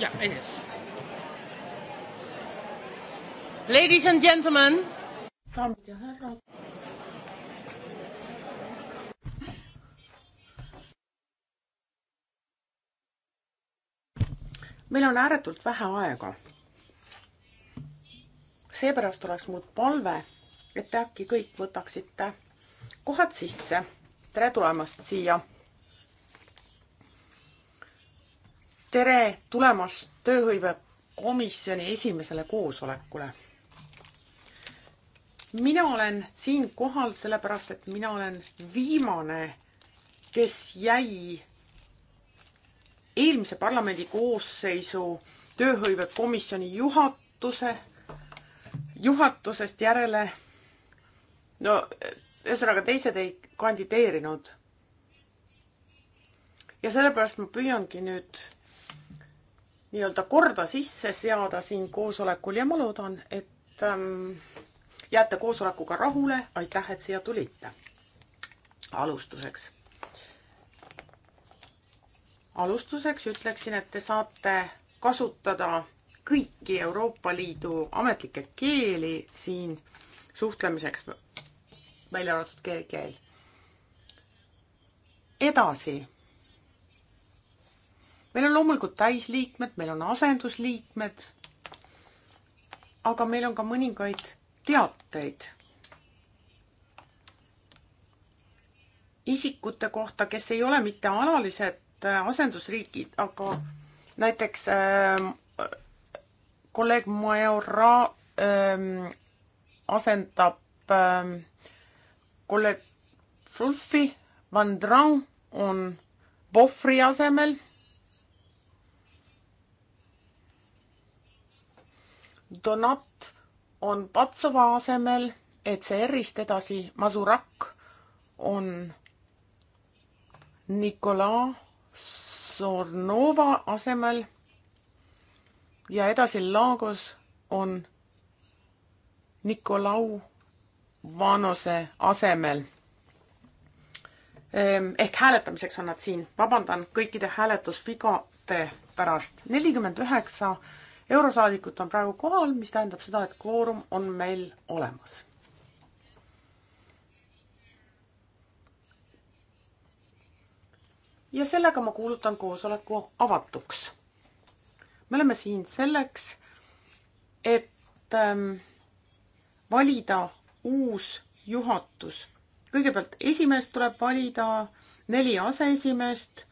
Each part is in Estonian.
Yeah, it is. Ladies and gentlemen. meil on ääretult vähe aega. seepärast oleks mul palve, et äkki kõik võtaksite kohad sisse. tere tulemast siia tere tulemast tööhõivekomisjoni esimesele koosolekule. mina olen siin kohal sellepärast, et mina olen viimane, kes jäi eelmise parlamendi koosseisu tööhõivekomisjoni juhatuse, juhatusest järele. no ühesõnaga, teised ei kandideerinud. ja sellepärast ma püüangi nüüd nii-öelda korda sisse seada siin koosolekul ja ma loodan, et ähm, jääte koosolekuga rahule, aitäh, et siia tulite. alustuseks. alustuseks ütleksin, et te saate kasutada kõiki Euroopa Liidu ametlikke keeli siin suhtlemiseks, välja arvatud keelkeel. edasi meil on loomulikult täisliikmed, meil on asendusliikmed, aga meil on ka mõningaid teateid isikute kohta, kes ei ole mitte alalised äh, asendusriigid, aga näiteks äh, kolleeg Majora äh, asendab äh, kolleeg Fulfi, Van Drang on Pohvri asemel Donat on Patsova asemel, ECR-ist edasi Masurak on Nikola Sornova asemel ja edasi Lagos on Nikolau Vanose asemel. Ehm, ehk hääletamiseks on nad siin, vabandan kõikide hääletusvigade pärast. nelikümmend üheksa eurosaadikut on praegu kohal, mis tähendab seda, et kvoorum on meil olemas. ja sellega ma kuulutan koosoleku avatuks. me oleme siin selleks, et ähm, valida uus juhatus. kõigepealt esimees tuleb valida, neli aseesimeest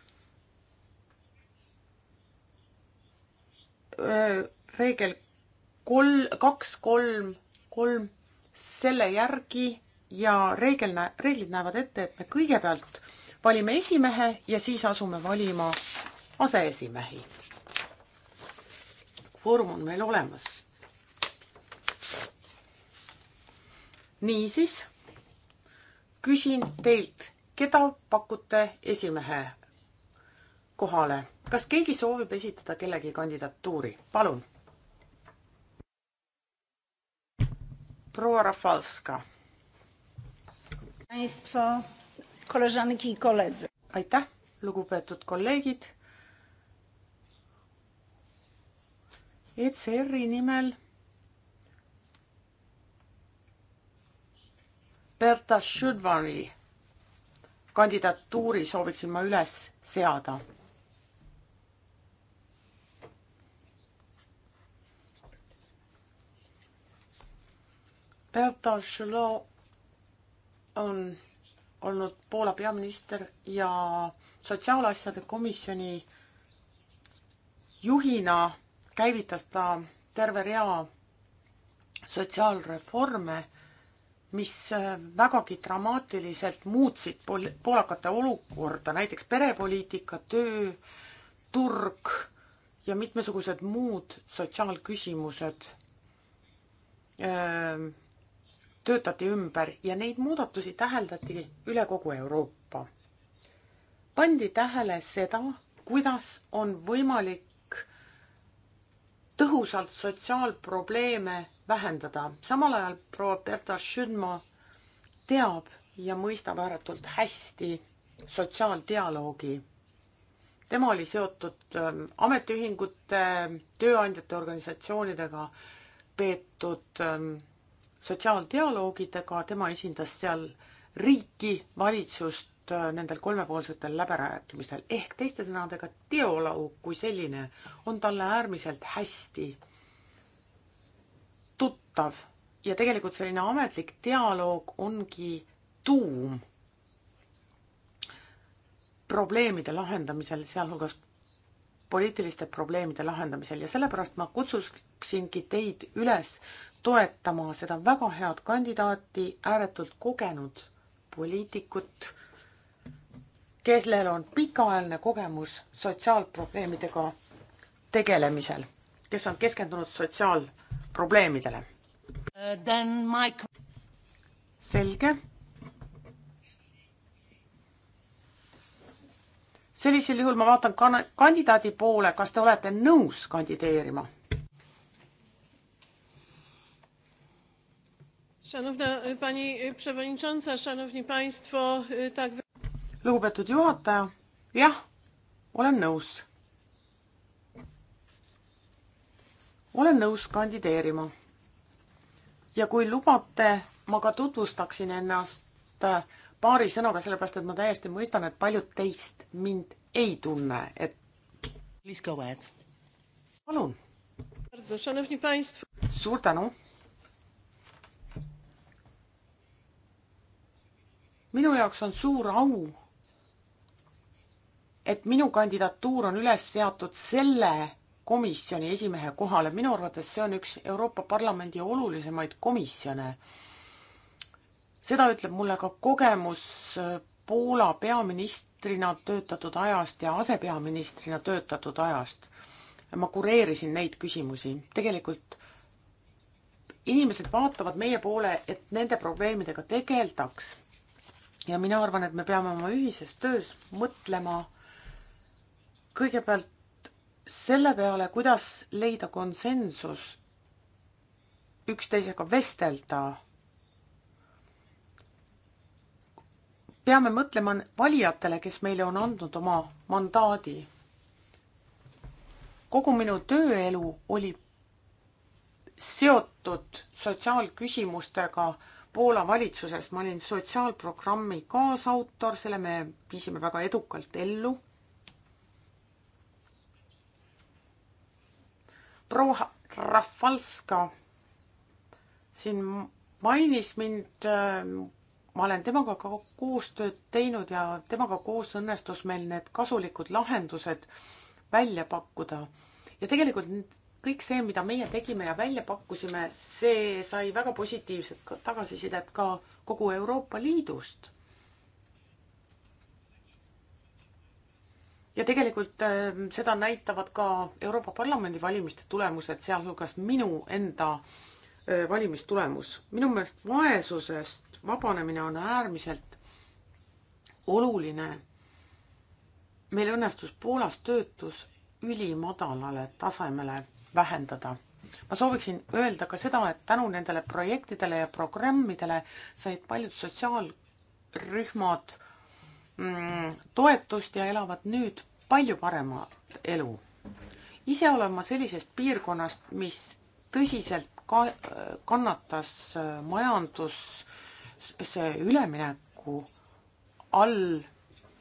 Äh, reegel kolm, kaks, kolm, kolm selle järgi ja reegel nä-, reeglid näevad ette, et me kõigepealt valime esimehe ja siis asume valima aseesimehi. kvoorum on meil olemas. niisiis küsin teilt, keda pakute esimehe kohale. kas keegi soovib esitada kellegi kandidatuuri? palun. proua Rafalska. aitäh, lugupeetud kolleegid. ECR-i nimel Berta Schüdvari kandidatuuri sooviksin ma üles seada Bertolcello on olnud Poola peaminister ja sotsiaalasjade komisjoni juhina käivitas ta terve rea sotsiaalreforme, mis äh, vägagi dramaatiliselt muutsid pol-, poolakate olukorda, näiteks perepoliitika, töö, turg ja mitmesugused muud sotsiaalküsimused äh, töötati ümber ja neid muudatusi täheldati üle kogu Euroopa. pandi tähele seda, kuidas on võimalik tõhusalt sotsiaalprobleeme vähendada. samal ajal proua Berta Schönma teab ja mõistab ääretult hästi sotsiaaldialoogi. tema oli seotud ähm, ametiühingute, tööandjate organisatsioonidega peetud ähm, sotsiaaldialoogiga, tema esindas seal riiki, valitsust äh, nendel kolmepoolsetel läbirääkimistel, ehk teiste sõnadega, teolauk kui selline on talle äärmiselt hästi tuttav ja tegelikult selline ametlik dialoog ongi tuum probleemide lahendamisel, sealhulgas poliitiliste probleemide lahendamisel ja sellepärast ma kutsuksingi teid üles toetama seda väga head kandidaati, ääretult kogenud poliitikut, kellel on pikaajaline kogemus sotsiaalprobleemidega tegelemisel, kes on keskendunud sotsiaalprobleemidele uh,. selge. sellisel juhul ma vaatan kan-, kandidaadi poole, kas te olete nõus kandideerima Szanowna pani przewodnicząca, szanowni państwo, tak... lugupeetud juhataja, jah, olen nõus. olen nõus kandideerima. ja kui lubate, ma ka tutvustaksin ennast äh, paari sõnaga, sellepärast et ma täiesti mõistan, et paljud teist mind ei tunne, et. palun. suur tänu minu jaoks on suur au, et minu kandidatuur on üles seatud selle komisjoni esimehe kohale, minu arvates see on üks Euroopa Parlamendi olulisemaid komisjone. seda ütleb mulle ka kogemus äh, Poola peaministrina töötatud ajast ja asepeaministrina töötatud ajast. ma kureerisin neid küsimusi, tegelikult inimesed vaatavad meie poole, et nende probleemidega tegeldaks ja mina arvan, et me peame oma ühises töös mõtlema kõigepealt selle peale, kuidas leida konsensus, üksteisega vestelda. peame mõtlema valijatele, kes meile on andnud oma mandaadi. kogu minu tööelu oli seotud sotsiaalküsimustega Poola valitsuses, ma olin sotsiaalprogrammi kaasautor, selle me viisime väga edukalt ellu. proua Rafalska siin mainis mind, äh, ma olen temaga ka koostööd teinud ja temaga koos õnnestus meil need kasulikud lahendused välja pakkuda. ja tegelikult kõik see, mida meie tegime ja välja pakkusime, see sai väga positiivset tagasisidet ka kogu Euroopa Liidust. ja tegelikult ähm, seda näitavad ka Euroopa Parlamendi valimiste tulemused, sealhulgas minu enda äh, valimistulemus. minu meelest vaesusest vabanemine on äärmiselt oluline. meil õnnestus Poolas töötus ülimadalale tasemele vähendada. ma sooviksin öelda ka seda, et tänu nendele projektidele ja programmidele said paljud sotsiaalrühmad mm, toetust ja elavad nüüd palju paremat elu. ise olen ma sellisest piirkonnast, mis tõsiselt ka kannatas äh, majandusse ülemineku all,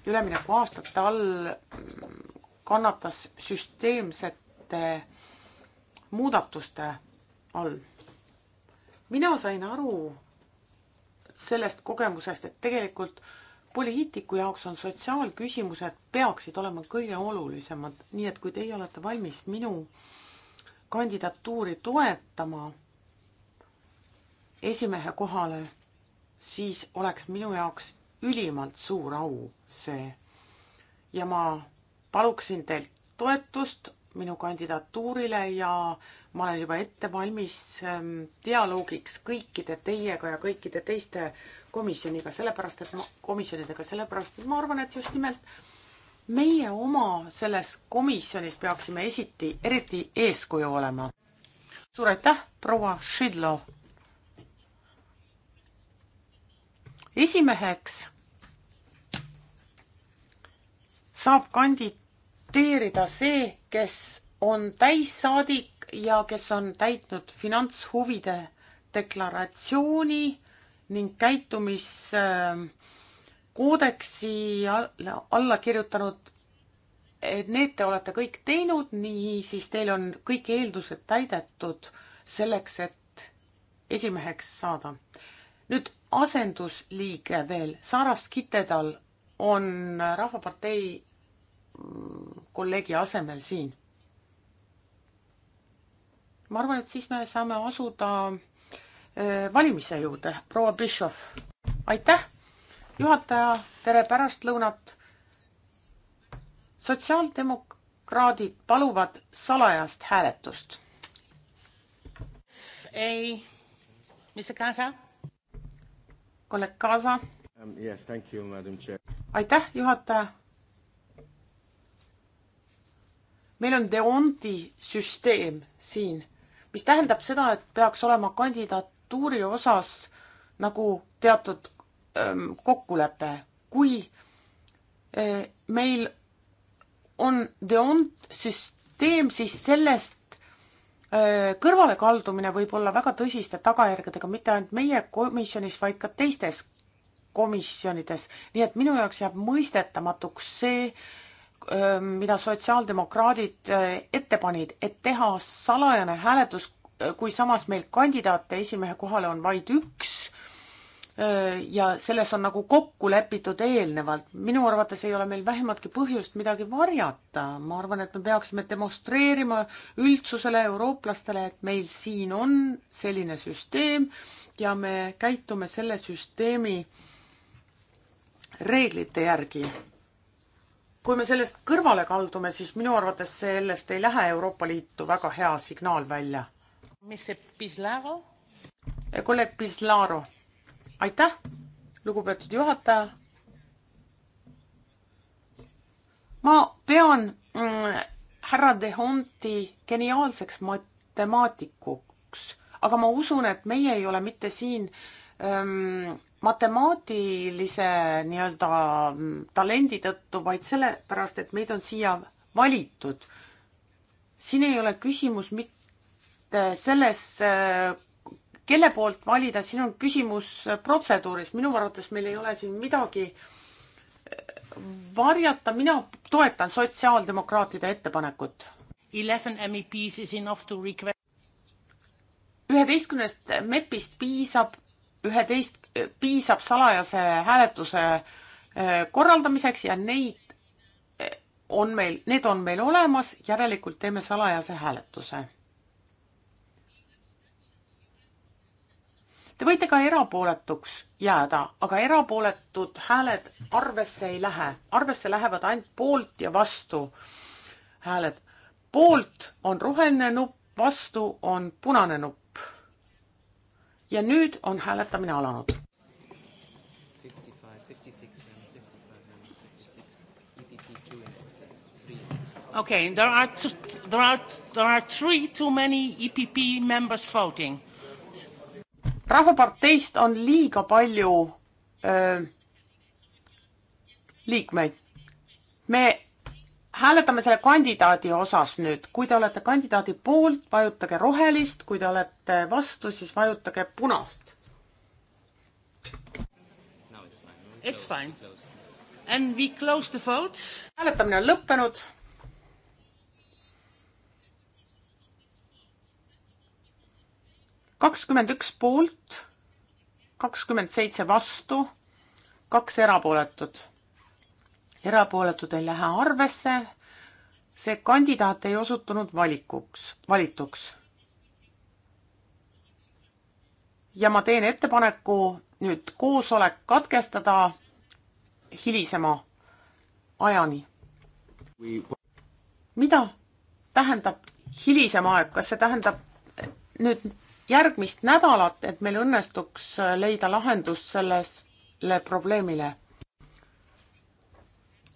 üleminekuaastate all mm, kannatas süsteemsete muudatuste all. mina sain aru sellest kogemusest, et tegelikult poliitiku jaoks on sotsiaalküsimused peaksid olema kõige olulisemad, nii et kui teie olete valmis minu kandidatuuri toetama esimehe kohale, siis oleks minu jaoks ülimalt suur au see. ja ma paluksin teilt toetust minu kandidatuurile ja ma olen juba ette valmis ähm, dialoogiks kõikide teiega ja kõikide teiste komisjoniga, sellepärast et ma, komisjonidega, sellepärast et ma arvan, et just nimelt meie oma selles komisjonis peaksime esiti, eriti eeskuju olema. suur aitäh, proua Šidlo. esimeheks saab kandidaat aktsepteerida see, kes on täissaadik ja kes on täitnud finantshuvide deklaratsiooni ning käitumiskoodeksi alla kirjutanud, et need te olete kõik teinud, niisiis teil on kõik eeldused täidetud selleks, et esimeheks saada. nüüd asendusliige veel, Saaras Kitedal on Rahvapartei kolleegi asemel siin. ma arvan, et siis me saame asuda äh, valimise juurde, proua Bischoff. aitäh, juhataja, tere pärastlõunat. sotsiaaldemokraadid paluvad salajast hääletust. ei, mis see kaasa? kolleeg Kaasa um,. Yes, you, aitäh, juhataja meil on Deonti süsteem siin, mis tähendab seda, et peaks olema kandidatuuri osas nagu teatud ähm, kokkulepe, kui äh, meil on Deont süsteem, siis sellest äh, kõrvalekaldumine võib olla väga tõsiste tagajärgedega, mitte ainult meie komisjonis, vaid ka teistes komisjonides, nii et minu jaoks jääb mõistetamatuks see äh,, Äh, mida sotsiaaldemokraadid äh, ette panid, et teha salajane hääletus, äh, kui samas meil kandidaate esimehe kohale on vaid üks ja selles on nagu kokku lepitud eelnevalt. minu arvates ei ole meil vähematki põhjust midagi varjata. ma arvan, et me peaksime demonstreerima üldsusele, eurooplastele, et meil siin on selline süsteem ja me käitume selle süsteemi reeglite järgi kui me sellest kõrvale kaldume, siis minu arvates sellest ei lähe Euroopa Liitu väga hea signaal välja. mis see Pislaro? Eh, kolleeg Pislaro. aitäh, lugupeetud juhataja. ma pean mm, härra De Honti geniaalseks matemaatikuks, aga ma usun, et meie ei ole mitte siin öö, mm, matemaatilise nii-öelda mm, talendi tõttu, vaid sellepärast, et meid on siia valitud. siin ei ole küsimus mitte selles, äh, kelle poolt valida, siin on küsimus äh, protseduuris. minu arvates meil ei ole siin midagi äh, varjata, mina toetan sotsiaaldemokraatide ettepanekut. üheteistkümnest MEP-ist piisab üheteist, piisab salajase hääletuse äh, korraldamiseks ja neid äh, on meil, need on meil olemas, järelikult teeme salajase hääletuse. Te võite ka erapooletuks jääda, aga erapooletud hääled arvesse ei lähe, arvesse lähevad ainult poolt ja vastu hääled. poolt on roheline nupp, vastu on punane nupp ja nüüd on hääletamine alanud. okei okay,, there are, there are, there are three too many EPP members voting. rahvaparteist on liiga palju öö, liikmeid. me hääletame selle kandidaadi osas nüüd, kui te olete kandidaadi poolt, vajutage rohelist, kui te olete vastu, siis vajutage punast. It's fine. And we close the vote. hääletamine on lõppenud. kakskümmend üks poolt, kakskümmend seitse vastu, kaks erapooletut erapooletud ei lähe arvesse. see kandidaat ei osutunud valikuks, valituks. ja ma teen ettepaneku nüüd koosolek katkestada hilisema ajani. mida tähendab hilisem aeg, kas see tähendab nüüd järgmist nädalat, et meil õnnestuks leida lahendus sellele probleemile?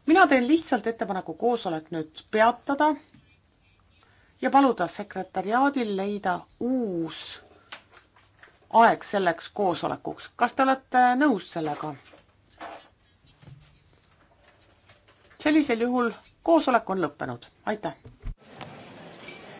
mina teen lihtsalt ettepaneku koosolek nüüd peatada ja paluda sekretariaadil leida uus aeg selleks koosolekuks. kas te olete nõus sellega? sellisel juhul koosolek on lõppenud, aitäh!